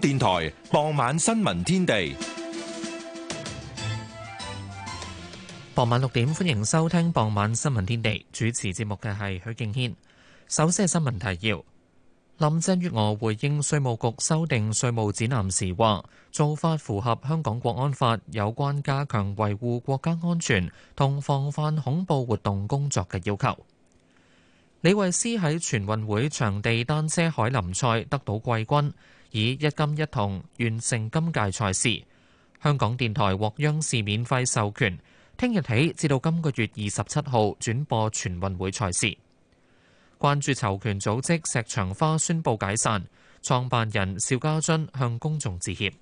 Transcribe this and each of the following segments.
電台傍晚新聞天地，傍晚六點歡迎收聽傍晚新聞天地。主持節目嘅係許敬軒。首先係新聞提要：林鄭月娥回應稅務局修訂稅務指南時話，做法符合香港國安法有關加強維護國家安全同防範恐怖活動工作嘅要求。李慧詩喺全運會場地單車凱林賽得到季軍。以一金一銅完成今屆賽事。香港電台獲央視免費授權，聽日起至到今個月二十七號轉播全運會賽事。關注囚權組織石牆花宣布解散，創辦人邵家臻向公眾致歉。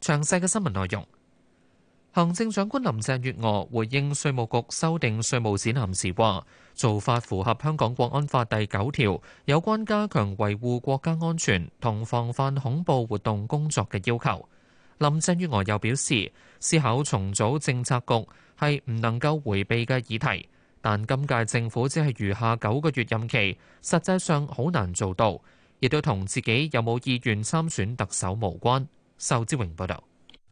詳細嘅新聞內容。行政長官林鄭月娥回應稅務局修訂稅務指南時話：做法符合香港國安法第九條有關加強維護國家安全同防範恐怖活動工作嘅要求。林鄭月娥又表示，思考重組政策局係唔能夠迴避嘅議題，但今屆政府只係餘下九個月任期，實際上好難做到，亦都同自己有冇意願參選特首無關。仇志榮報導。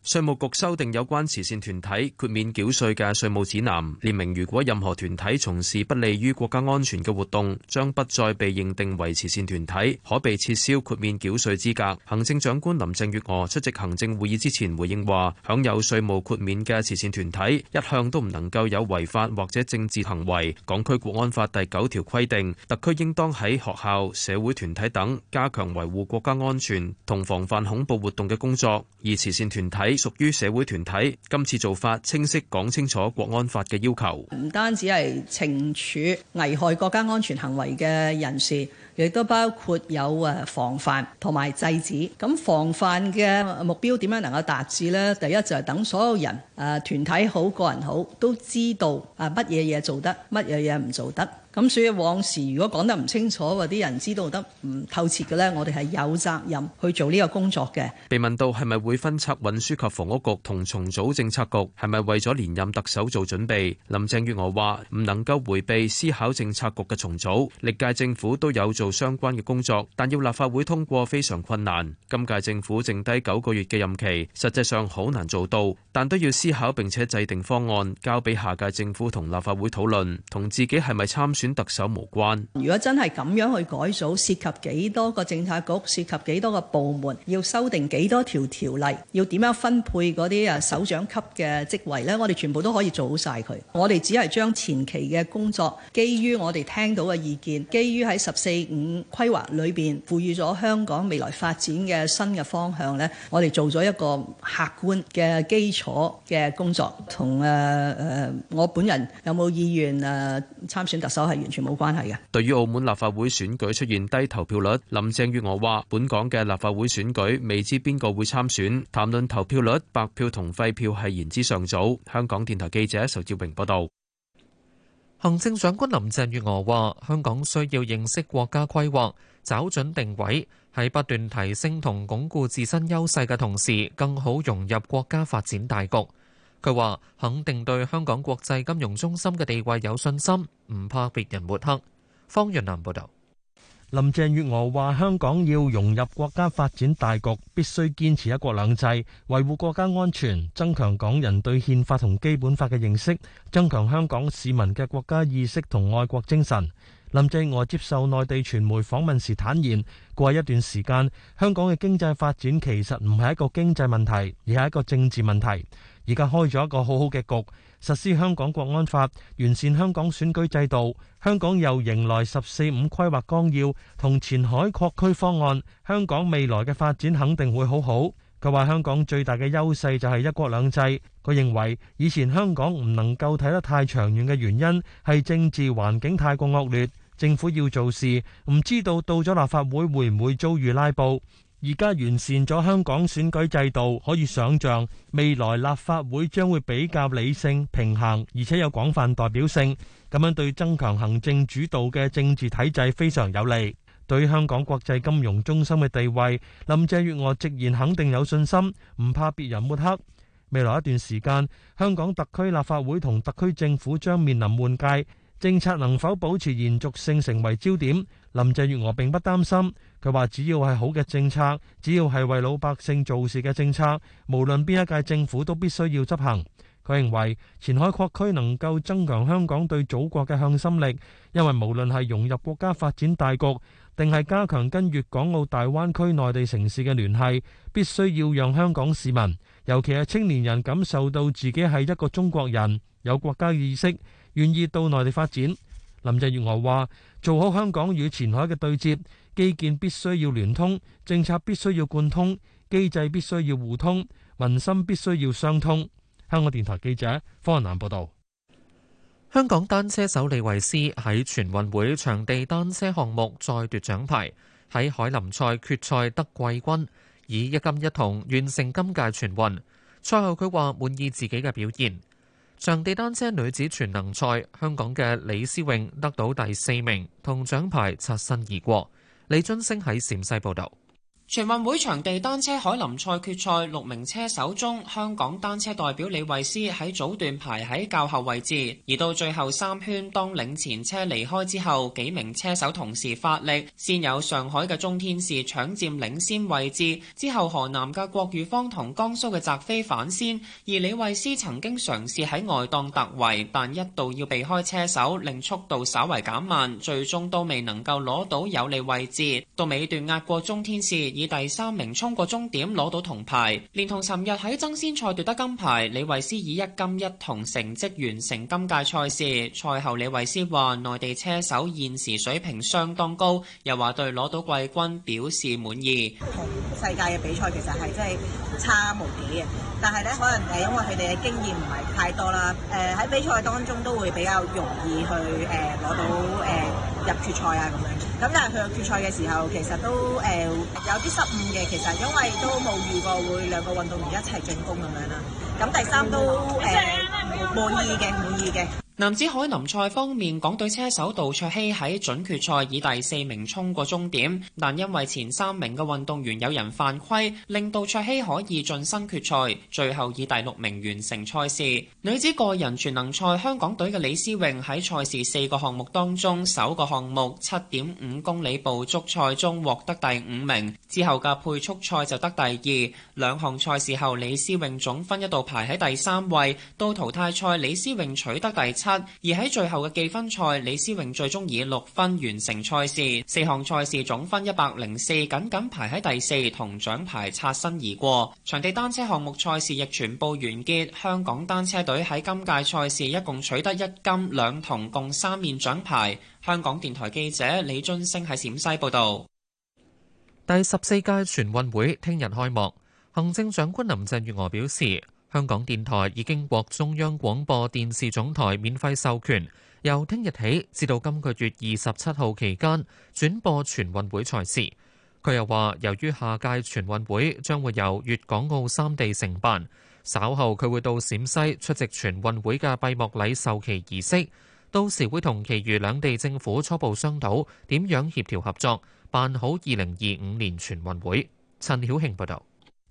稅務局修訂有關慈善團體豁免繳稅嘅稅務指南，列明如果任何團體從事不利於國家安全嘅活動，將不再被認定為慈善團體，可被撤銷豁免繳稅資格。行政長官林鄭月娥出席行政會議之前回應話，享有稅務豁免嘅慈善團體一向都唔能夠有違法或者政治行為。港區國安法第九條規定，特區應當喺學校、社會團體等加強維護國家安全同防範恐怖活動嘅工作，而慈善團體。屬於社會團體，今次做法清晰講清楚國安法嘅要求，唔單止係懲處危害國家安全行為嘅人士。亦都包括有誒防範同埋制止。咁防範嘅目標點樣能夠達至咧？第一就係等所有人誒團體好、個人好都知道誒乜嘢嘢做得，乜嘢嘢唔做得。咁所以往時如果講得唔清楚，啲人知道得唔透徹嘅咧，我哋係有責任去做呢個工作嘅。被問到係咪會分拆運輸及房屋局同重組政策局，係咪為咗連任特首做準備？林鄭月娥話：唔能夠回避思考政策局嘅重組，歷屆政府都有做。相關嘅工作，但要立法會通過非常困難。今屆政府剩低九個月嘅任期，實際上好難做到，但都要思考並且制定方案，交俾下屆政府同立法會討論，同自己係咪參選特首無關。如果真係咁樣去改組，涉及幾多個政策局，涉及幾多個部門，要修訂幾多條條例，要點樣分配嗰啲誒首長級嘅職位呢？我哋全部都可以做好晒佢。我哋只係將前期嘅工作，基於我哋聽到嘅意見，基於喺十四、五規劃裏邊賦予咗香港未來發展嘅新嘅方向呢，我哋做咗一個客觀嘅基礎嘅工作，同誒誒我本人有冇意願誒參選特首係完全冇關係嘅。對於澳門立法會選舉出現低投票率，林鄭月娥話：本港嘅立法會選舉未知邊個會參選，談論投票率、白票同廢票係言之尚早。香港電台記者仇志榮報道。行政長官林鄭月娥話：香港需要認識國家規劃，找準定位，喺不斷提升同鞏固自身優勢嘅同時，更好融入國家發展大局。佢話肯定對香港國際金融中心嘅地位有信心，唔怕別人抹黑。方潤南報道。林鄭月娥話：香港要融入國家發展大局，必須堅持一國兩制，維護國家安全，增強港人對憲法同基本法嘅認識，增強香港市民嘅國家意識同愛國精神。林鄭月娥接受內地傳媒訪問時坦言：過一段時間，香港嘅經濟發展其實唔係一個經濟問題，而係一個政治問題。而家開咗一個好好嘅局，實施香港國安法，完善香港選舉制度，香港又迎來十四五規劃綱要同前海擴區方案，香港未來嘅發展肯定會好好。佢話香港最大嘅優勢就係一國兩制。佢認為以前香港唔能夠睇得太長遠嘅原因係政治環境太過惡劣，政府要做事，唔知道到咗立法會會唔會遭遇拉布。而家完善咗香港選舉制度，可以想象未來立法會將會比較理性、平衡，而且有廣泛代表性。咁樣對增強行政主導嘅政治體制非常有利，對香港國際金融中心嘅地位，林鄭月娥直言肯定有信心，唔怕別人抹黑。未來一段時間，香港特區立法會同特區政府將面臨換屆。政策能否保持延續性成為焦點？林鄭月娥並不擔心，佢話只要係好嘅政策，只要係為老百姓做事嘅政策，無論邊一屆政府都必須要執行。佢認為前海擴區能夠增強香港對祖國嘅向心力，因為無論係融入國家發展大局，定係加強跟粵港澳大灣區內地城市嘅聯繫，必須要讓香港市民，尤其係青年人感受到自己係一個中國人，有國家意識。願意到內地發展。林鄭月娥話：做好香港與前海嘅對接，基建必須要聯通，政策必須要貫通，機制必須要互通，民心必須要相通。香港電台記者方南報道。香港單車手李維斯喺全運會場地單車項目再奪獎牌，喺海林賽決賽得季軍，以一金一銅完成今屆全運。賽後佢話滿意自己嘅表現。上地單車女子全能賽，香港嘅李思穎得到第四名，同獎牌擦身而過。李津升喺陝西報道。全運會場地單車海林賽決賽六名車手中，香港單車代表李慧詩喺早段排喺較後位置，而到最後三圈，當領前車離開之後，幾名車手同時發力，先有上海嘅鍾天使搶佔領先位置，之後河南嘅郭宇芳同江蘇嘅澤飛反先，而李慧詩曾經嘗試喺外檔突圍，但一度要避開車手令速度稍為減慢，最終都未能夠攞到有利位置，到尾段壓過鍾天使。以第三名衝過終點攞到銅牌，連同尋日喺爭先賽奪得金牌，李慧詩以一金一銅成績完成今屆賽事。賽後，李慧詩話內地車手現時水平相當高，又話對攞到季軍表示滿意。同世界嘅比賽其實係真係差無幾嘅，但係咧可能誒因為佢哋嘅經驗唔係太多啦，誒、呃、喺比賽當中都會比較容易去誒攞、呃、到誒。呃入決賽啊咁樣，咁但係佢決賽嘅時候，其實都誒、呃、有啲失誤嘅。其實因為都冇遇過會兩個運動員一齊進攻咁樣啦。咁第三都誒、呃、滿意嘅，滿意嘅。男子凱林賽方面，港隊車手杜卓希喺準決賽以第四名衝過終點，但因為前三名嘅運動員有人犯規，令杜卓希可以晉身決賽，最後以第六名完成賽事。女子個人全能賽，香港隊嘅李思穎喺賽事四個項目當中，首個項目七點五公里捕捉賽中獲得第五名，之後嘅配速賽就得第二，兩項賽事後李思穎總分一度排喺第三位，到淘汰賽李思穎取得第七。而喺最後嘅記分賽，李思穎最終以六分完成賽事，四項賽事總分一百零四，僅僅排喺第四，同獎牌擦身而過。場地單車項目賽事亦全部完結，香港單車隊喺今屆賽事一共取得一金兩銅，共三面獎牌。香港電台記者李津升喺陝西報道。第十四屆全運會聽日開幕，行政長官林鄭月娥表示。香港電台已經獲中央廣播電視總台免費授權，由聽日起至到今個月二十七號期間轉播全運會賽事。佢又話由於下屆全運會將會由粵港澳三地承辦，稍後佢會到陝西出席全運會嘅閉幕禮授旗儀式，到時會同其餘兩地政府初步商討點樣協調合作，辦好二零二五年全運會。陳曉慶報道。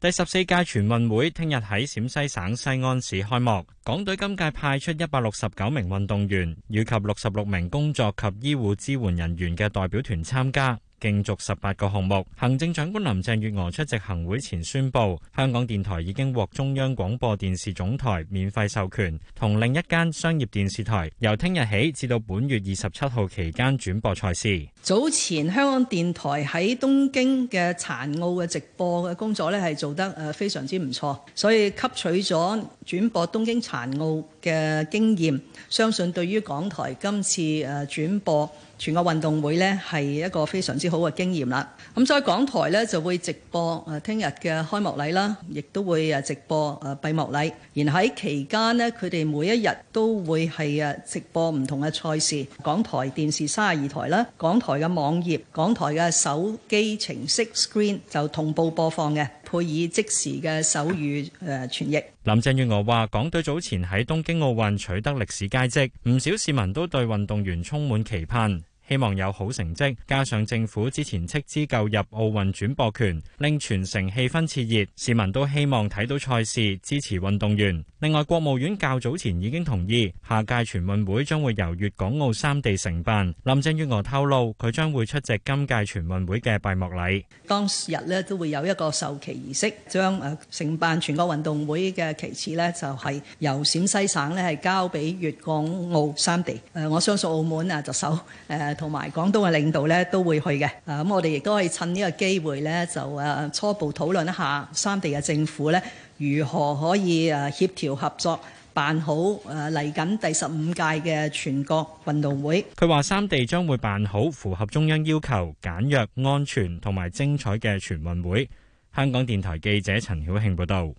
第十四屆全運會聽日喺陝西省西安市開幕，港隊今屆派出一百六十九名運動員，以及六十六名工作及醫護支援人員嘅代表團參加。競逐十八個項目。行政長官林鄭月娥出席行會前宣布，香港電台已經獲中央廣播電視總台免費授權，同另一間商業電視台由聽日起至到本月二十七號期間轉播賽事。早前香港電台喺東京嘅殘奧嘅直播嘅工作咧，係做得誒非常之唔錯，所以吸取咗轉播東京殘奧。嘅經驗，相信對於港台今次誒轉播全國運動會呢係一個非常之好嘅經驗啦。咁、嗯、所以港台呢就會直播誒聽日嘅開幕禮啦，亦都會誒直播誒閉幕禮。然後喺期間呢，佢哋每一日都會係誒直播唔同嘅賽事。港台電視三十二台啦，港台嘅網頁、港台嘅手機程式 Screen 就同步播放嘅。配以即時嘅手語誒傳譯。林鄭月娥話，港隊早前喺東京奧運取得歷史佳績，唔少市民都對運動員充滿期盼。希望有好成績，加上政府之前斥資購入奧運轉播權，令全城氣氛熾熱，市民都希望睇到賽事，支持運動員。另外，國務院較早前已經同意，下屆全運會將會由粵港澳三地承辦。林鄭月娥透露，佢將會出席今屆全運會嘅閉幕禮。當日咧都會有一個授旗儀式，將誒承辦全國運動會嘅旗幟咧就係由陝西省咧係交俾粵港澳三地。誒，我相信澳門啊就首誒。同埋廣東嘅領導咧都會去嘅啊！咁我哋亦都可以趁呢個機會咧，就誒、啊、初步討論一下三地嘅政府咧，如何可以誒協調合作，辦好誒嚟緊第十五屆嘅全國運動會。佢話：三地將會辦好符合中央要求、簡約、安全同埋精彩嘅全運會。香港電台記者陳曉慶報道。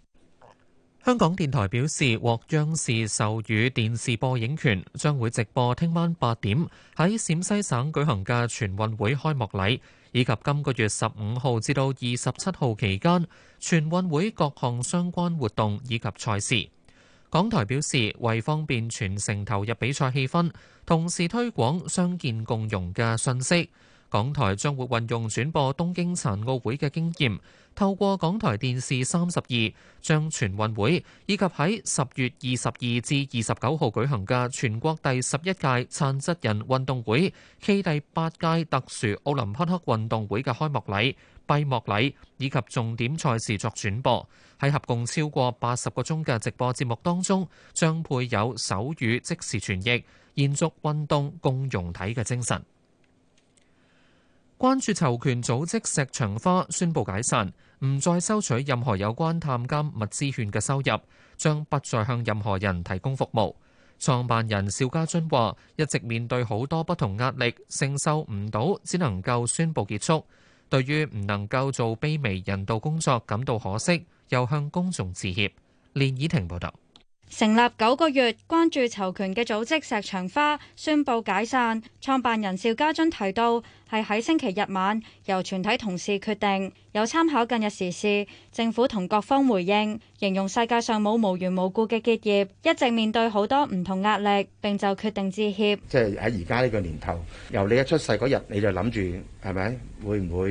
香港電台表示獲央視授予電視播映權，將會直播聽晚八點喺陝西省舉行嘅全運會開幕禮，以及今個月十五號至到二十七號期間全運會各項相關活動以及賽事。港台表示，為方便全城投入比賽氣氛，同時推廣傷健共融嘅信息，港台將會運用轉播東京殘奧會嘅經驗。透過港台電視三十二，將全運會以及喺十月二十二至二十九號舉行嘅全國第十一屆殘疾人運動會暨第八屆特殊奧林匹克運動會嘅開幕禮、閉幕禮以及重點賽事作轉播。喺合共超過八十個鐘嘅直播節目當中，將配有手語即時傳譯，延續運動共融體嘅精神。關注囚權組織石牆花宣布解散，唔再收取任何有關探監物資券嘅收入，將不再向任何人提供服務。創辦人邵家臻話：一直面對好多不同壓力，承受唔到，只能夠宣布結束。對於唔能夠做卑微人道工作感到可惜，又向公眾致歉。連怡婷報導。成立九個月、關注囚權嘅組織石牆花宣布解散。創辦人邵家臻提到，係喺星期日晚由全體同事決定，有參考近日時事、政府同各方回應，形容世界上冇無,無緣無故嘅結業，一直面對好多唔同壓力，並就決定致歉。即係喺而家呢個年頭，由你一出世嗰日，你就諗住係咪會唔會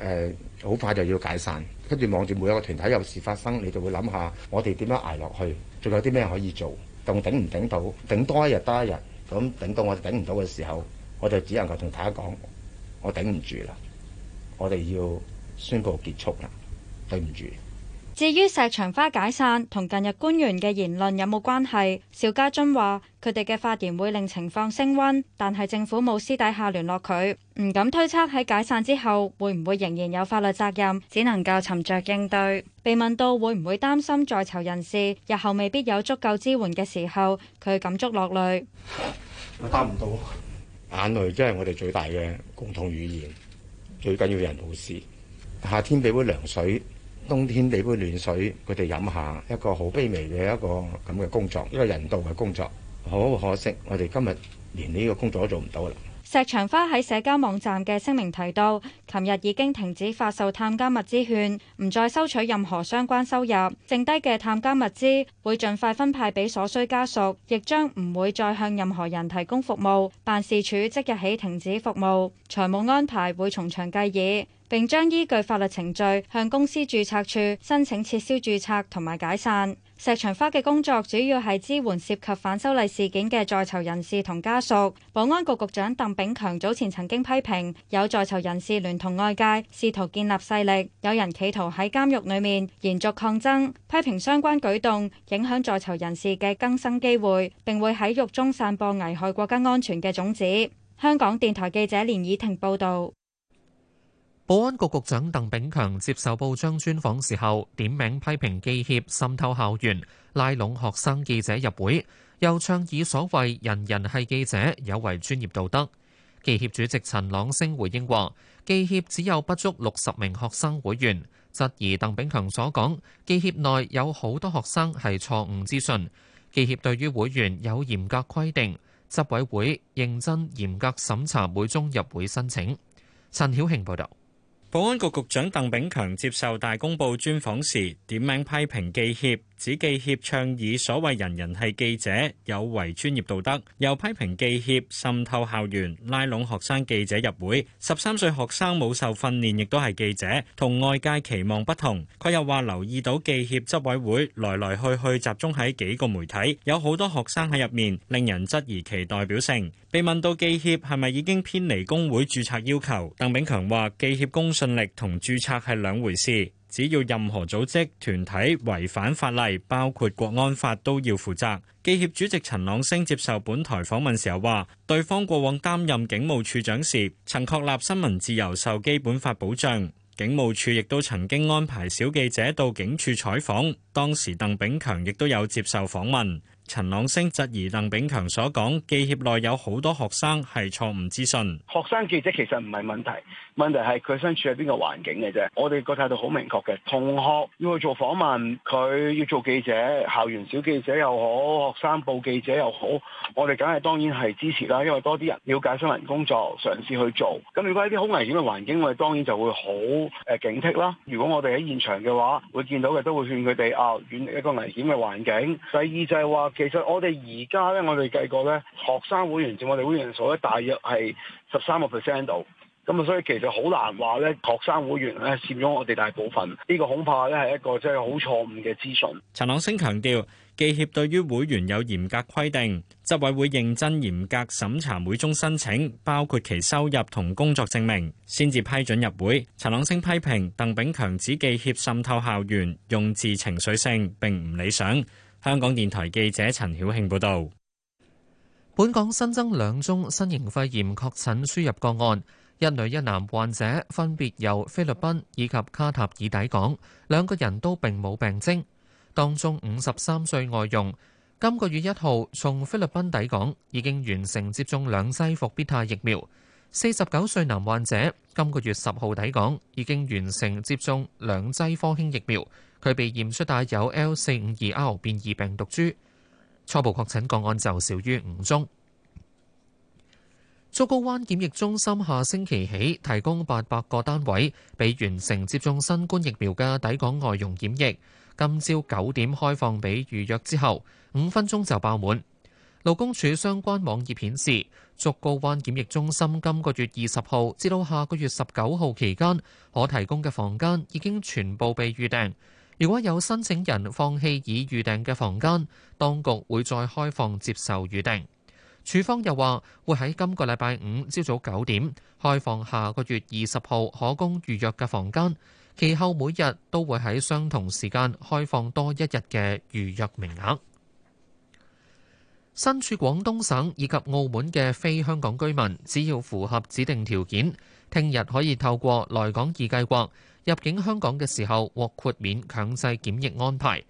誒好、呃、快就要解散？跟住望住每一個團體有事發生，你就會諗下我哋點樣捱落去？仲有啲咩可以做？仲頂唔頂到？頂多一日得一日。咁頂到我頂唔到嘅時候，我就只能夠同大家講，我頂唔住啦。我哋要宣佈結束啦。對唔住。至於石牆花解散同近日官員嘅言論有冇關係？邵家臻話佢哋嘅發言會令情況升溫，但係政府冇私底下聯絡佢，唔敢推測喺解散之後會唔會仍然有法律責任，只能夠沉着應對。被問到會唔會擔心在囚人士日後未必有足夠支援嘅時候，佢感觸落淚。我答唔到，眼淚真係我哋最大嘅共同語言，最緊要嘅人好事。夏天俾杯涼水。冬天俾杯暖水，佢哋飲下，一個好卑微嘅一個咁嘅工作，一個人道嘅工作。好可惜，我哋今日連呢個工作都做唔到啦。石長花喺社交網站嘅聲明提到，琴日已經停止發售探監物資券，唔再收取任何相關收入。剩低嘅探監物資會盡快分派俾所需家屬，亦將唔會再向任何人提供服務。辦事處即日起停止服務，財務安排會從長計議，並將依據法律程序向公司註冊處申請撤銷註冊同埋解散。石牆花嘅工作主要係支援涉及反修例事件嘅在囚人士同家屬。保安局局長鄧炳強早前曾經批評有在囚人士聯同外界試圖建立勢力，有人企圖喺監獄裏面延續抗爭，批評相關舉動影響在囚人士嘅更生機會，並會喺獄中散播危害國家安全嘅種子。香港電台記者連以婷報導。保安局局長鄧炳強接受報章專訪時候，點名批評記協滲透校園、拉攏學生記者入會，又倡議所謂人人係記者有違專業道德。記協主席陳朗升回應話，記協只有不足六十名學生會員，質疑鄧炳強所講記協內有好多學生係錯誤資訊。記協對於會員有嚴格規定，執委會認真嚴格審查每宗入會申請。陳曉慶報道。保安局局長鄧炳強接受大公報專訪時，點名批評記協。指記協倡議所謂人人係記者，有違專業道德，又批評記協，滲透校園，拉攏學生記者入會。十三歲學生冇受訓練，亦都係記者，同外界期望不同。佢又話留意到記協執委會，來來去去集中喺幾個媒體，有好多學生喺入面，令人質疑其代表性。被問到記協係咪已經偏離工會註冊要求？鄧炳強話，記協公信力同註冊係兩回事。只要任何組織團體違反法例，包括國安法，都要負責。記協主席陳朗昇接受本台訪問時候話，對方過往擔任警務處長時，曾確立新聞自由受基本法保障，警務處亦都曾經安排小記者到警署採訪。當時鄧炳強亦都有接受訪問。陳朗昇質疑鄧炳強所講，記協內有好多學生係錯誤資訊。學生記者其實唔係問題。問題係佢身處喺邊個環境嘅啫，我哋個態度好明確嘅。同學要去做訪問，佢要做記者，校園小記者又好，學生報記者又好，我哋梗係當然係支持啦。因為多啲人瞭解新聞工作，嘗試去做。咁如果喺啲好危險嘅環境，我哋當然就會好誒警惕啦。如果我哋喺現場嘅話，會見到嘅都會勸佢哋啊遠離一個危險嘅環境。第二就係話，其實我哋而家咧，我哋計過咧，學生會員佔我哋會員數咧，大約係十三個 percent 度。咁啊，所以其實好難話咧。學生會員咧佔咗我哋大部分，呢個恐怕咧係一個即係好錯誤嘅資訊。陳朗星強調，記協對於會員有嚴格規定，執委會認真嚴格審查每宗申請，包括其收入同工作證明，先至批准入會。陳朗星批評鄧炳強指記協滲透校園，用字情緒性並唔理想。香港電台記者陳曉慶報導，本港新增兩宗新型肺炎確診輸入個案。一女一男患者分別由菲律賓以及卡塔爾抵港，兩個人都並冇病徵。當中五十三歲外傭今個月一號從菲律賓抵港，已經完成接種兩劑復必泰疫苗。四十九歲男患者今個月十號抵港，已經完成接種兩劑科興疫苗。佢被驗出帶有 L 四五二 R 變異病毒株，初步確診個案就少於五宗。竹篙灣檢疫中心下星期起提供八百個單位，俾完成接種新冠疫苗嘅抵港外傭檢疫。今朝九點開放俾預約之後五分鐘就爆滿。勞工處相關網頁顯示，竹篙灣檢疫中心今個月二十號至到下個月十九號期間可提供嘅房間已經全部被預訂，如果有申請人放棄已預訂嘅房間，當局會再開放接受預訂。署方又話，會喺今個禮拜五朝早九點開放下個月二十號可供預約嘅房間，其後每日都會喺相同時間開放多一日嘅預約名額。身處廣東省以及澳門嘅非香港居民，只要符合指定條件，聽日可以透過來港易計劃入境香港嘅時候獲豁免強制檢疫安排。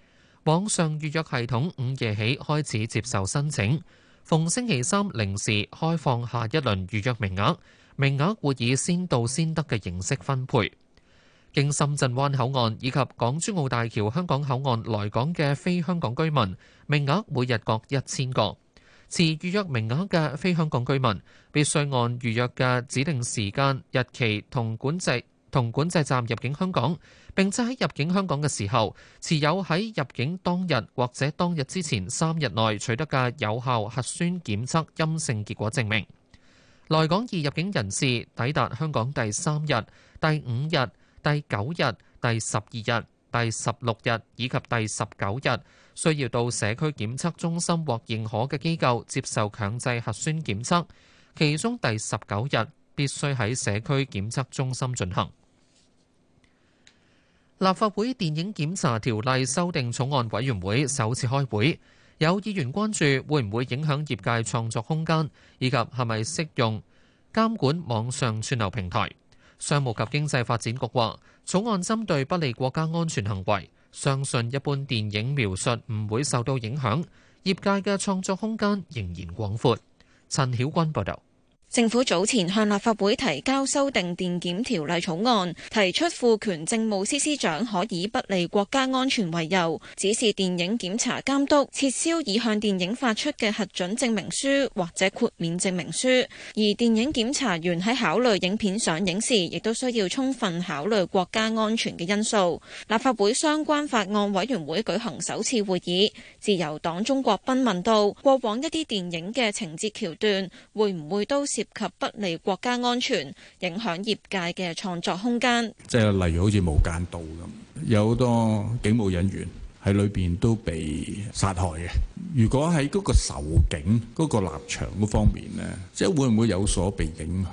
網上預約系統午夜起開始接受申請。逢星期三零時開放下一輪預約名額，名額會以先到先得嘅形式分配。經深圳灣口岸以及港珠澳大橋香港口岸來港嘅非香港居民，名額每日各一千個。持預約名額嘅非香港居民，必須按預約嘅指定時間、日期同管制同管制站入境香港。並且喺入境香港嘅時候，持有喺入境當日或者當日之前三日內取得嘅有效核酸檢測陰性結果證明。來港易入境人士抵達香港第三日、第五日、第九日、第十二日、第十六日以及第十九日，需要到社區檢測中心或認可嘅機構接受強制核酸檢測，其中第十九日必須喺社區檢測中心進行。立法會電影檢查條例修訂草案委員會首次開會，有議員關注會唔會影響業界創作空間，以及係咪適用監管網上串流平台。商務及經濟發展局話，草案針對不利國家安全行為，相信一般電影描述唔會受到影響，業界嘅創作空間仍然廣闊。陳曉君報道。政府早前向立法會提交修訂電檢條例草案，提出賦權政務司司長可以不利國家安全為由，指示電影檢查監督撤銷已向電影發出嘅核准證明書或者豁免證明書。而電影檢查員喺考慮影片上映時，亦都需要充分考慮國家安全嘅因素。立法會相關法案委員會舉行首次會議，自由黨鍾國斌問道：過往一啲電影嘅情節橋段，會唔會都涉及不利國家安全，影響業界嘅創作空間。即係例如好似無間道咁，有好多警務人員喺裏邊都被殺害嘅。如果喺嗰個仇警嗰個立場嗰方面呢，即係會唔會有所被影響？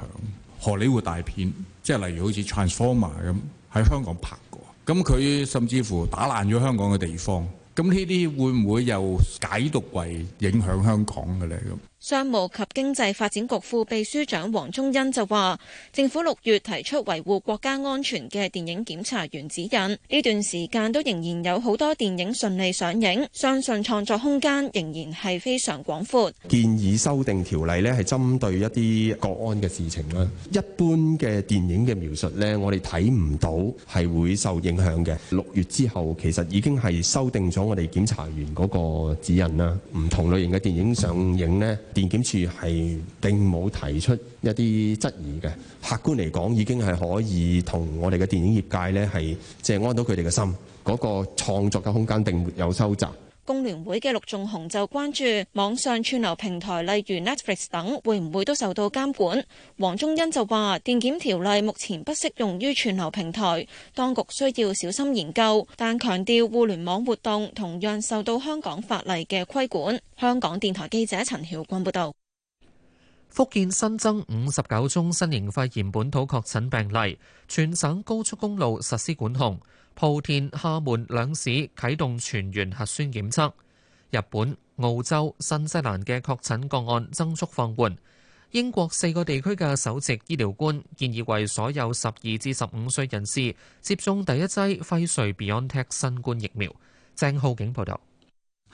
荷里活大片，即係例如好似 Transformers 咁，喺香港拍過，咁佢甚至乎打爛咗香港嘅地方，咁呢啲會唔會又解讀為影響香港嘅咧？咁？商務及經濟發展局副秘書長黃忠恩就話，政府六月提出維護國家安全嘅電影檢查員指引，呢段時間都仍然有好多電影順利上映，相信創作空間仍然係非常廣闊。建議修訂條例呢，係針對一啲國安嘅事情啦。一般嘅電影嘅描述呢，我哋睇唔到係會受影響嘅。六月之後，其實已經係修訂咗我哋檢查員嗰個指引啦。唔同類型嘅電影上映呢。電檢處係並冇提出一啲質疑嘅，客觀嚟講已經係可以同我哋嘅電影業界咧，係即係安到佢哋嘅心，嗰、那個創作嘅空間並沒有收窄。工聯會嘅陸仲雄就關注網上串流平台，例如 Netflix 等，會唔會都受到監管？黃宗恩就話：電檢條例目前不適用於串流平台，當局需要小心研究，但強調互聯網活動同樣受到香港法例嘅規管。香港電台記者陳曉君報導。福建新增五十九宗新型肺炎本土確診病例，全省高速公路實施管控。莆田、廈門兩市啟動全員核酸檢測，日本、澳洲、新西蘭嘅確診個案增速放緩，英國四個地區嘅首席醫療官建議為所有十二至十五歲人士接種第一劑輝瑞 BioNTech 新冠疫苗。鄭浩景報道。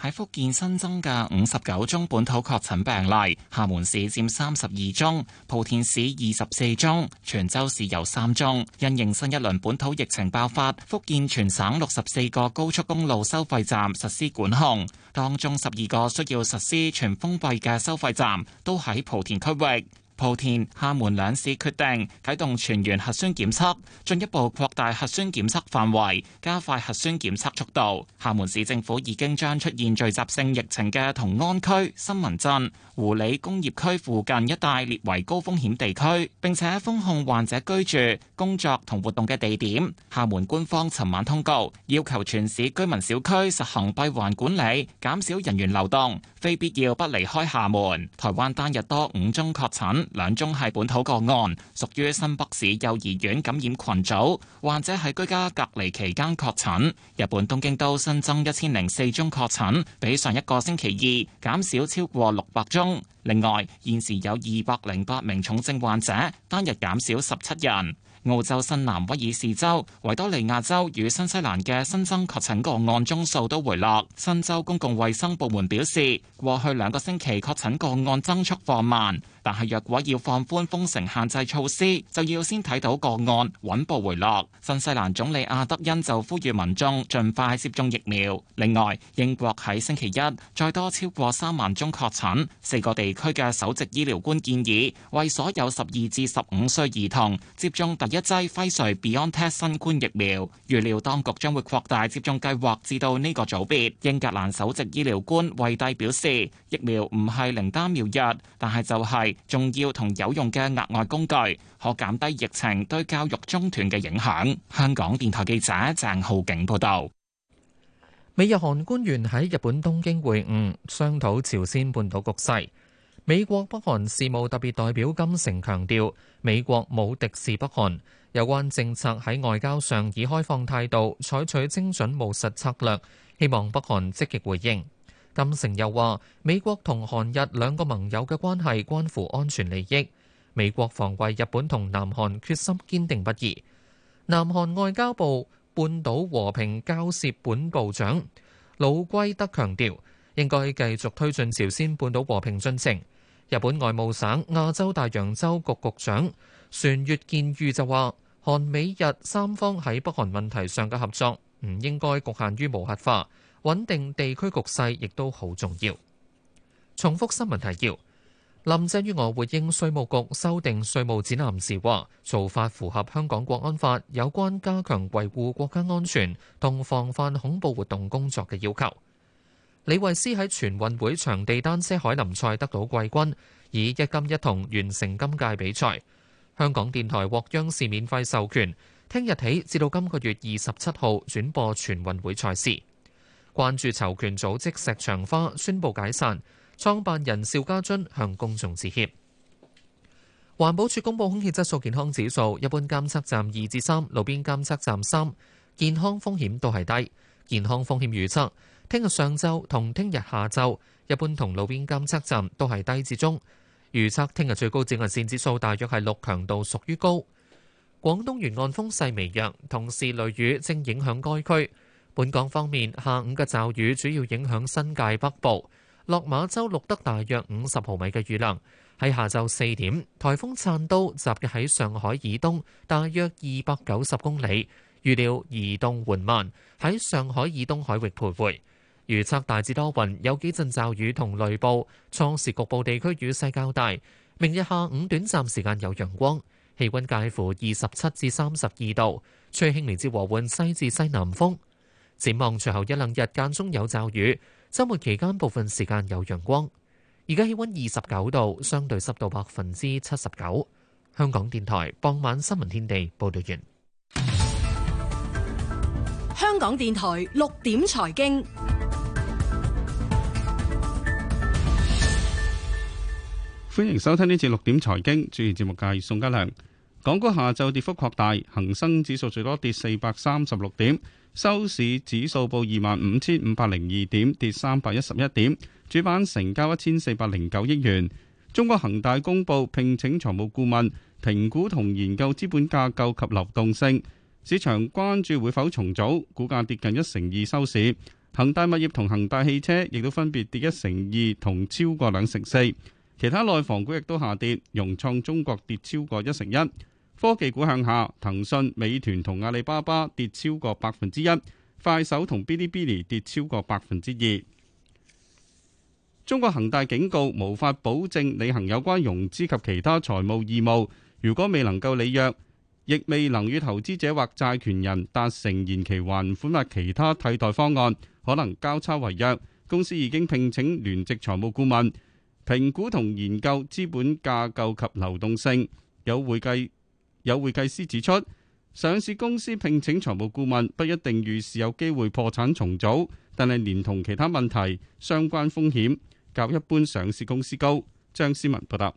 喺福建新增嘅五十九宗本土確診病例，廈門市占三十二宗，莆田市二十四宗，泉州市有三宗。因應新一輪本土疫情爆發，福建全省六十四個高速公路收費站實施管控，當中十二個需要實施全封閉嘅收費站都喺莆田區域。莆田、廈門兩市決定啟動全員核酸檢測，進一步擴大核酸檢測範圍，加快核酸檢測速度。廈門市政府已經將出現聚集性疫情嘅同安區新民鎮湖裡工業區附近一帶列為高風險地區，並且封控患者居住、工作同活動嘅地點。廈門官方尋晚通告，要求全市居民小區實行閉環管，管理，減少人員流動，非必要不離開廈門。台灣單日多五宗確診。兩宗係本土個案，屬於新北市幼兒園感染群組，患者喺居家隔離期間確診。日本東京都新增一千零四宗確診，比上一個星期二減少超過六百宗。另外，現時有二百零八名重症患者，單日減少十七人。澳洲新南威爾士州、維多利亞州與新西蘭嘅新增確診個案宗數都回落。新州公共衛生部門表示，過去兩個星期確診個案增速放慢。但係，若果要放寬封城限制措施，就要先睇到個案穩步回落。新西蘭總理阿德恩就呼籲民眾盡快接種疫苗。另外，英國喺星期一再多超過三萬宗確診，四個地區嘅首席醫療官建議為所有十二至十五歲兒童接種第一劑輝瑞 BioNTech 新冠疫苗。預料當局將會擴大接種計劃至到呢個組別。英格蘭首席醫療官惠蒂表示，疫苗唔係靈丹妙藥，但係就係、是重要同有用嘅額外工具，可減低疫情對教育中斷嘅影響。香港電台記者鄭浩景報道，美日韓官員喺日本東京會晤，商討朝鮮半島局勢。美國北韓事務特別代表金城強調，美國冇敵視北韓，有關政策喺外交上以開放態度，採取精準務實策略，希望北韓積極回應。金城又話：美國同韓日兩個盟友嘅關係關乎安全利益，美國防衛日本同南韓決心堅定不移。南韓外交部半島和平交涉本部長魯圭德強調，應該繼續推進朝鮮半島和平進程。日本外務省亞洲大洋洲局局長船越健裕就話：韓美日三方喺北韓問題上嘅合作唔應該局限於無核化。穩定地區局勢亦都好重要。重複新聞提要，林鄭月娥回應稅務局修訂稅務指南時，話做法符合香港國安法有關加強維護國家安全同防範恐怖活動工作嘅要求。李慧詩喺全運會場地單車凱林賽得到季軍，以一金一銅完成今屆比賽。香港電台獲央視免費授權，聽日起至到今個月二十七號轉播全運會賽事。關注囚權組織石牆花宣布解散，創辦人邵家臻向公眾致歉。環保署公布空氣質素健康指數，一般監測站二至三，3，路邊監測站三，健康風險都係低。健康風險預測，聽日上晝同聽日下晝，一般同路邊監測站都係低至中。預測聽日最高紫外線指數大約係六，強度屬於高。廣東沿岸風勢微弱，同時雷雨正影響該區。本港方面，下午嘅驟雨主要影響新界北部，落馬洲錄得大約五十毫米嘅雨量。喺下晝四點，台風燦都集結喺上海以東大約二百九十公里，預料移動緩慢喺上海以東海域徘徊。預測大致多雲有幾陣驟雨同雷暴，初時局部地區雨勢較大。明日下午短暫時間有陽光，氣溫介乎二十七至三十二度，吹輕微至和緩西至西南風。展望隨後一兩日間中有驟雨，週末期間部分時間有陽光。而家氣溫二十九度，相對濕度百分之七十九。香港電台傍晚新聞天地報道完。香港電台六點財經，歡迎收聽呢次六點財經。主持節目嘅係宋嘉良。港股下晝跌幅擴大，恒生指數最多跌四百三十六點。收市指數報二萬五千五百零二點，跌三百一十一點。主板成交一千四百零九億元。中國恒大公布聘請財務顧問，評估同研究資本架構及流動性。市場關注會否重組，股價跌近一成二收市。恒大物業同恒大汽車亦都分別跌一成二同超過兩成四。其他內房股亦都下跌，融創中國跌超過一成一。科技股向下，騰訊、美團同阿里巴巴跌超過百分之一，快手同嗶哩嗶哩跌超過百分之二。中國恒大警告，無法保證履行有關融資及其他財務義務，如果未能夠履約，亦未能與投資者或債權人達成延期還款或其他替代方案，可能交叉違約。公司已經聘請聯席財務顧問評估同研究資本架構及流動性，有會計。有會計師指出，上市公司聘請財務顧問不一定預示有機會破產重組，但係連同其他問題相關風險較一般上市公司高。張思文報道，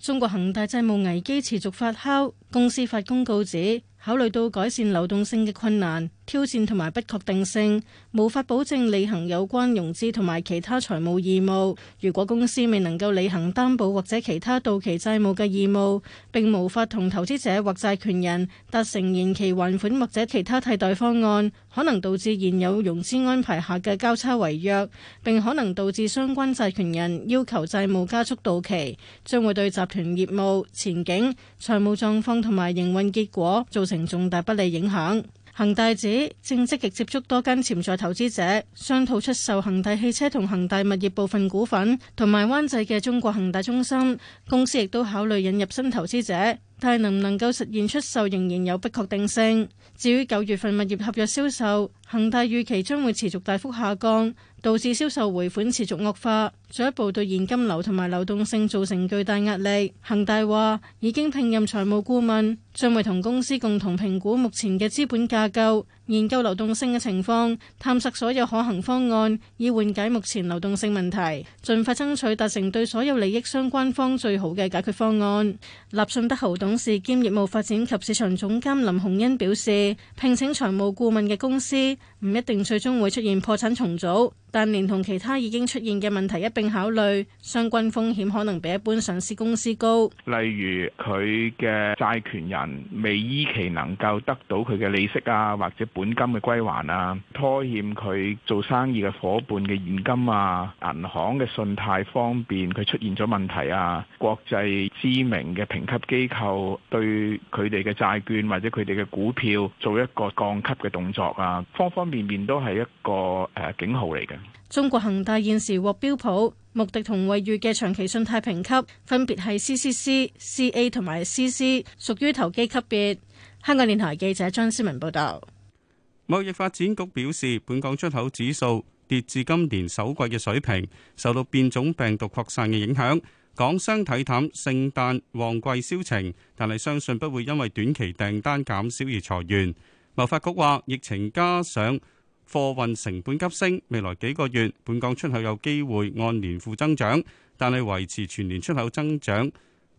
中國恒大債務危機持續發酵。公司發公告指，考慮到改善流動性嘅困難、挑戰同埋不確定性，無法保證履行有關融資同埋其他財務義務。如果公司未能夠履行擔保或者其他到期債務嘅義務，並無法同投資者或債權人達成延期還款或者其他替代方案，可能導致現有融資安排下嘅交叉違約，並可能導致相關債權人要求債務加速到期，將會對集團業務、前景、財務狀況，同埋營運結果造成重大不利影響。恒大指，正積極接觸多間潛在投資者，商討出售恒大汽車同恒大物業部分股份，同埋灣仔嘅中國恒大中心。公司亦都考慮引入新投資者，但係能唔能夠實現出售仍然有不確定性。至於九月份物業合約銷售，恒大預期將會持續大幅下降，導致銷售回款持續惡化。進一步對現金流同埋流動性造成巨大壓力。恒大話已經聘任財務顧問，將會同公司共同評估目前嘅資本架構，研究流動性嘅情況，探索所有可行方案，以緩解目前流動性問題，盡快爭取達成對所有利益相關方最好嘅解決方案。立信德豪董事兼業務發展及市場總監林洪恩表示：聘請財務顧問嘅公司唔一定最終會出現破產重組，但連同其他已經出現嘅問題一。並考慮相關風險可能比一般上市公司高，例如佢嘅債權人未依期能夠得到佢嘅利息啊，或者本金嘅歸還啊，拖欠佢做生意嘅伙伴嘅現金啊，銀行嘅信貸方面佢出現咗問題啊，國際知名嘅評級機構對佢哋嘅債券或者佢哋嘅股票做一個降級嘅動作啊，方方面面都係一個誒、呃、警號嚟嘅。中國恒大現時獲標普、穆迪同惠譽嘅長期信貸評級分別係 CCC、CA 同埋 CC，屬於投機級別。香港電台記者張思文報道。貿易發展局表示，本港出口指數跌至今年首季嘅水平，受到變種病毒擴散嘅影響。港商睇淡聖誕旺季銷情，但係相信不會因為短期訂單減少而裁員。貿發局話，疫情加上貨運成本急升，未來幾個月本港出口有機會按年負增長，但係維持全年出口增長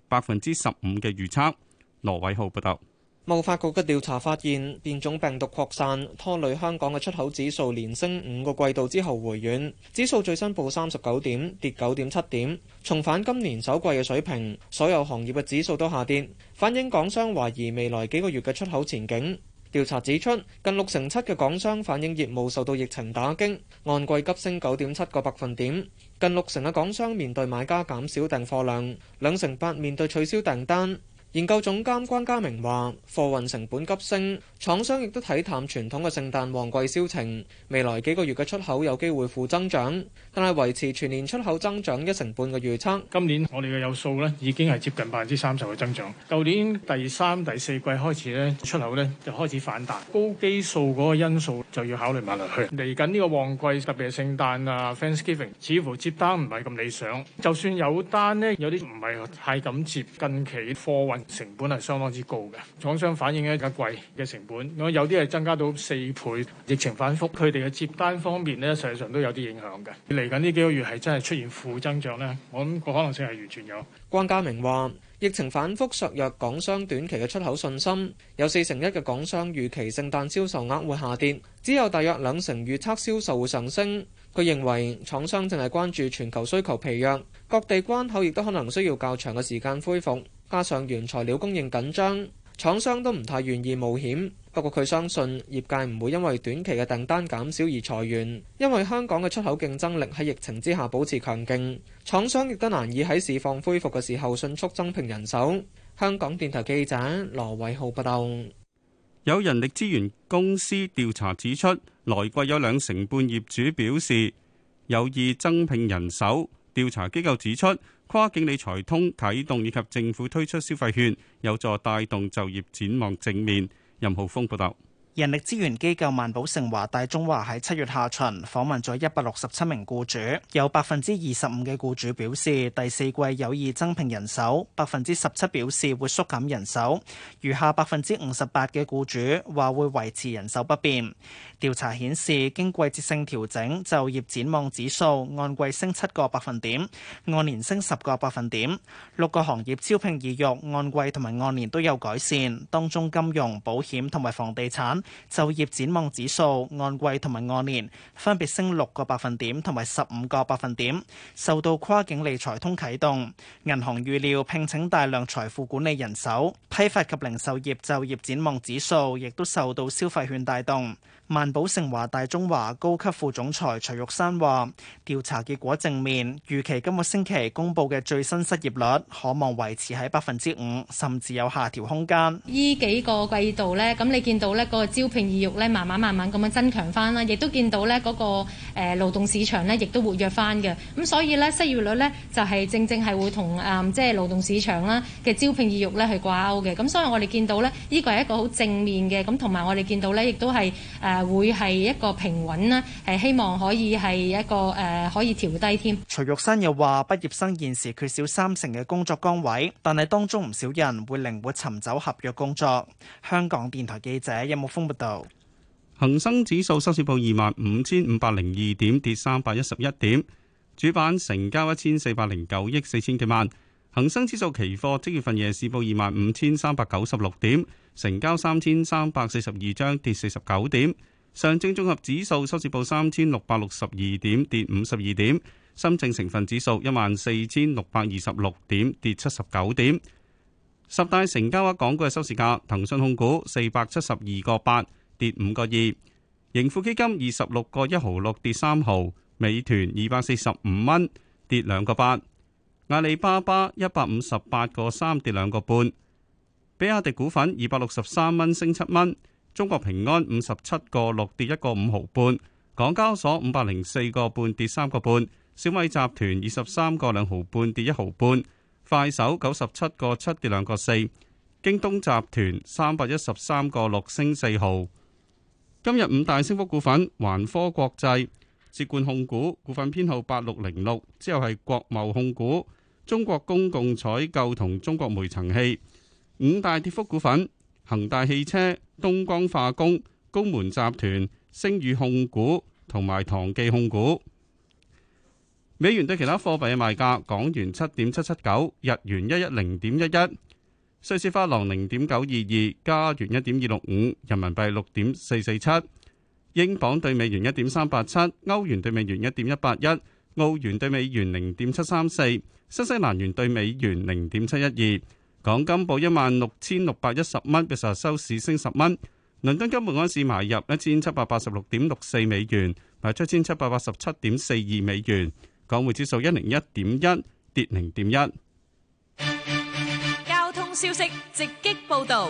百分之十五嘅預測。羅偉浩報導。貿發局嘅調查發現，變種病毒擴散拖累香港嘅出口指數連升五個季度之後回軟，指數最新報三十九點，跌九點七點，重返今年首季嘅水平。所有行業嘅指數都下跌，反映港商懷疑未來幾個月嘅出口前景。調查指出，近六成七嘅港商反映業務受到疫情打擊，按季急升九點七個百分點。近六成嘅港商面對買家減少訂貨量，兩成八面對取消訂單。研究總監關家明話，貨運成本急升，廠商亦都睇淡傳統嘅聖誕旺季銷情，未來幾個月嘅出口有機會負增長，但係維持全年出口增長一成半嘅預測，今年我哋嘅有數咧已經係接近百分之三十嘅增長，舊年第三、第四季開始咧出口咧就開始反彈，高基數嗰個因素就要考慮埋落去。嚟緊呢個旺季，特別係聖誕啊，Thanksgiving，似乎接單唔係咁理想。就算有單咧，有啲唔係太敢接，近期貨運。成本係相當之高嘅，廠商反映比較貴嘅成本。我有啲係增加到四倍。疫情反覆，佢哋嘅接單方面呢，實際上都有啲影響嘅。嚟緊呢幾個月係真係出現負增長呢，我諗個可能性係完全有。關家明話：疫情反覆削弱港商短期嘅出口信心，有四成一嘅港商預期聖誕銷售額會下跌，只有大約兩成預測銷售會上升。佢認為廠商淨係關注全球需求疲弱，各地關口亦都可能需要較長嘅時間恢復。加上原材料供應緊張，廠商都唔太願意冒險，不過，佢相信業界唔會因為短期嘅訂單減少而裁員，因為香港嘅出口競爭力喺疫情之下保持強勁，廠商亦都難以喺市況恢復嘅時候迅速增聘人手。香港電台記者羅偉浩報道。有人力資源公司調查指出，來季有兩成半業主表示有意增聘人手。調查機構指出，跨境理財通啟動以及政府推出消費券，有助帶動就業展望正面。任浩峰報道。人力資源機構萬寶盛華大中華喺七月下旬訪問咗一百六十七名僱主，有百分之二十五嘅僱主表示第四季有意增聘人手，百分之十七表示會縮減人手，餘下百分之五十八嘅僱主話會維持人手不變。調查顯示，經季節性調整，就業展望指數按季升七個百分點，按年升十個百分點。六個行業招聘意欲按季同埋按年都有改善，當中金融、保險同埋房地產。就業展望指數按季同埋按年分別升六個百分點同埋十五個百分點，受到跨境理財通啟動。銀行預料聘請大量財富管理人手，批發及零售業就業展望指數亦都受到消費券帶動。萬寶盛華大中華高級副總裁徐玉山話：調查結果正面，預期今個星期公布嘅最新失業率可望維持喺百分之五，甚至有下調空間。呢幾個季度呢，咁你見到呢嗰個招聘意欲呢，慢慢慢慢咁樣增強翻啦，亦都見到呢嗰個誒勞動市場呢，亦都活躍翻嘅。咁所以呢，失業率呢，就係正正係會同誒即係勞動市場啦嘅招聘意欲呢去掛鈎嘅。咁所以我哋見到呢，呢個係一個好正面嘅，咁同埋我哋見到呢，亦都係誒。會係一個平穩咧，係希望可以係一個誒、呃、可以調低添。徐玉山又話：畢業生現時缺少三成嘅工作崗位，但係當中唔少人會靈活尋找合約工作。香港電台記者任木峯報道。恒生指數收市報二萬五千五百零二點，跌三百一十一點。主板成交一千四百零九億四千幾萬。恒生指數期貨即月份夜市報二萬五千三百九十六點。成交三千三百四十二張，跌四十九點。上證綜合指數收市報三千六百六十二點，跌五十二點。深證成分指數一萬四千六百二十六點，跌七十九點。十大成交額港股嘅收市價：騰訊控股四百七十二個八，跌五個二；盈富基金二十六個一毫六，跌三毫；美團二百四十五蚊，跌兩個八；阿里巴巴一百五十八個三，跌兩個半。比亞迪股份二百六十三蚊，升七蚊，中國平安五十七個六，跌一個五毫半，港交所五百零四個半，跌三個半，小米集團二十三個兩毫半，跌一毫半，快手九十七個七，跌兩個四，京東集團三百一十三個六，升四毫。今日五大升幅股份，環科國際、浙冠控股股份編號八六零六，之後係國貿控股、中國公共採購同中國煤層氣。五大跌幅股份：恒大汽車、東江化工、高門集團、星宇控股同埋唐記控股。美元對其他貨幣嘅賣價：港元七點七七九，日元一一零點一一，瑞士法郎零點九二二，加元一點二六五，人民幣六點四四七，英鎊對美元一點三八七，歐元對美元一點一八一，澳元對美元零點七三四，新西蘭元對美元零點七一二。港金報一萬六千六百一十蚊，嘅時候收市升十蚊。倫敦金每安士買入一千七百八十六點六四美元，賣出一千七百八十七點四二美元。港匯指數一零一點一，跌零點一。交通消息直擊報道，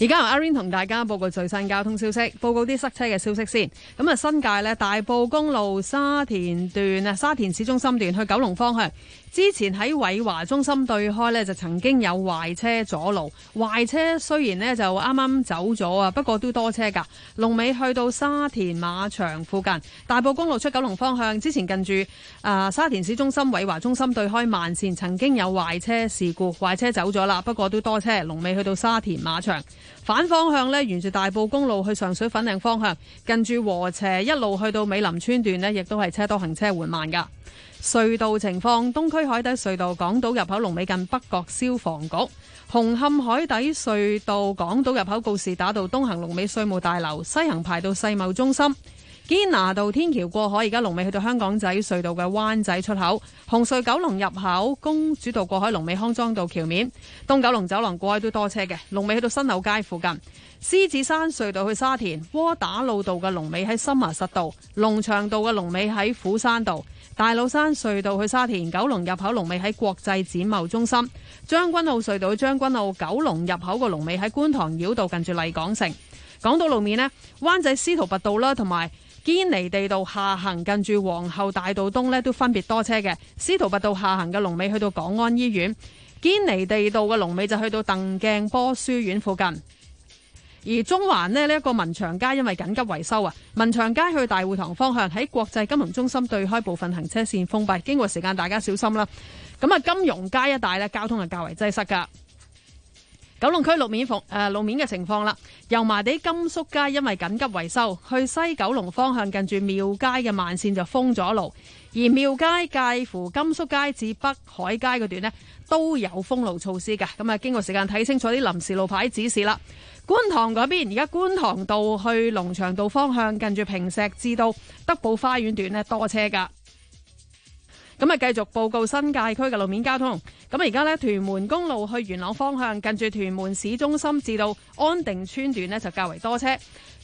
而家由阿 Rain 同大家報告最新交通消息，報告啲塞車嘅消息先。咁啊，新界呢，大埔公路沙田段啊，沙田市中心段去九龍方向。之前喺偉華中心對開呢，就曾經有壞車阻路。壞車雖然呢，就啱啱走咗啊，不過都多車噶。龍尾去到沙田馬場附近，大埔公路出九龍方向。之前近住誒、啊、沙田市中心偉華中心對開慢線，曾經有壞車事故，壞車走咗啦，不過都多車。龍尾去到沙田馬場反方向呢，沿住大埔公路去上水粉嶺方向，近住禾輋一路去到美林村段呢，亦都係車多行車緩慢噶。隧道情況：東區海底隧道港島入口龍尾近北角消防局；紅磡海底隧道港島入口告士打道東行龍尾稅務大樓，西行排到世貿中心；堅拿道天橋過海，而家龍尾去到香港仔隧道嘅灣仔出口；紅隧九龍入口公主道過海龍尾康莊道橋面；東九龍走廊過海都多車嘅龍尾去到新柳街附近；獅子山隧道去沙田窩打老道嘅龍尾喺森麻實道，龍翔道嘅龍尾喺虎山道。大老山隧道去沙田九龍入口龍尾喺國際展貿中心，將軍澳隧道將軍澳九龍入口個龍尾喺觀塘繞道近住麗港城。港島路面呢，灣仔司徒拔道啦，同埋堅尼地道下行近住皇后大道東呢，都分別多車嘅。司徒拔道下行嘅龍尾去到港安醫院，堅尼地道嘅龍尾就去到鄧鏡波書院附近。而中環咧，呢一個民祥街因為緊急維修啊，民祥街去大會堂方向喺國際金融中心對開部分行車線封閉，經過時間大家小心啦。咁啊，金融街一帶咧交通係較為擠塞噶。九龍區路面房誒路面嘅情況啦，油麻地甘肅街因為緊急維修，去西九龍方向近住廟街嘅慢綫就封咗路，而廟街介乎甘肅街至北海街嗰段呢，都有封路措施噶。咁啊，經過時間睇清楚啲臨時路牌指示啦。觀塘嗰邊而家觀塘道去龍翔道方向，近住坪石至到德寶花園段咧多車噶。咁啊，繼續報告新界區嘅路面交通。咁而家呢，屯門公路去元朗方向，近住屯門市中心至到安定村段呢就較為多車。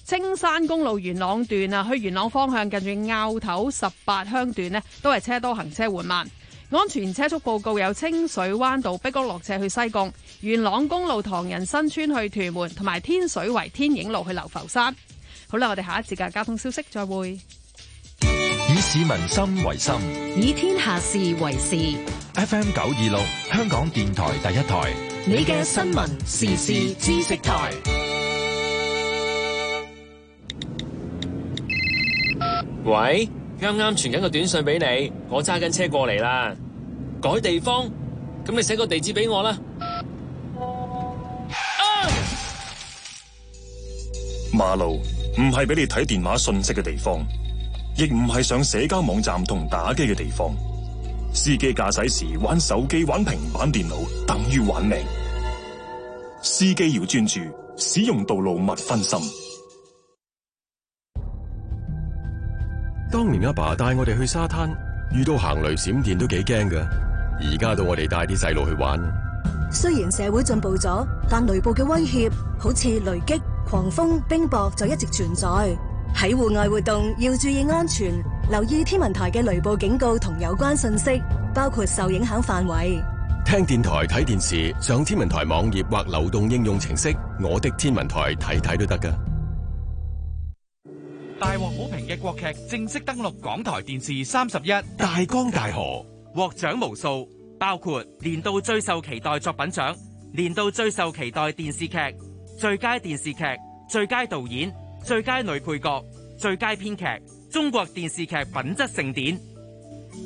青山公路元朗段啊，去元朗方向近住坳頭十八鄉段呢都係車多，行車緩慢。安全車速報告有清水灣道、碧江落斜去西貢、元朗公路唐人新村去屯門、同埋天水圍天影路去流浮山。好啦，我哋下一節嘅交通消息再會。以市民心為心，以天下事為事。FM 九二六，香港電台第一台，你嘅新聞時事知識台。喂？啱啱傳緊個短信俾你，我揸緊車過嚟啦。改地方，咁你寫個地址俾我啦。啊、馬路唔係俾你睇電話信息嘅地方，亦唔係上社交網站同打機嘅地方。司機駕駛時玩手機、玩平板電腦，等於玩命。司機要專注，使用道路勿分心。當年阿爸帶我哋去沙灘，遇到行雷閃電都幾驚噶。而家到我哋帶啲細路去玩，雖然社會進步咗，但雷暴嘅威脅好似雷擊、狂風、冰雹就一直存在。喺戶外活動要注意安全，留意天文台嘅雷暴警告同有關信息，包括受影響範圍。聽電台、睇電視、上天文台網頁或流動應用程式《我的天文台》看看，睇睇都得噶。大王嘅國劇正式登陸港台電視三十一大江大河獲獎無數，包括年度最受期待作品獎、年度最受期待電視劇、最佳電視劇、最佳導演、最佳女配角、最佳編劇，中國電視劇品質盛典。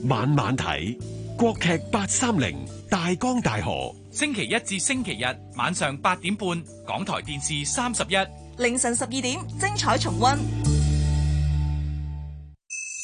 晚晚睇國劇八三零大江大河，星期一至星期日晚上八點半，港台電視三十一，凌晨十二點精彩重温。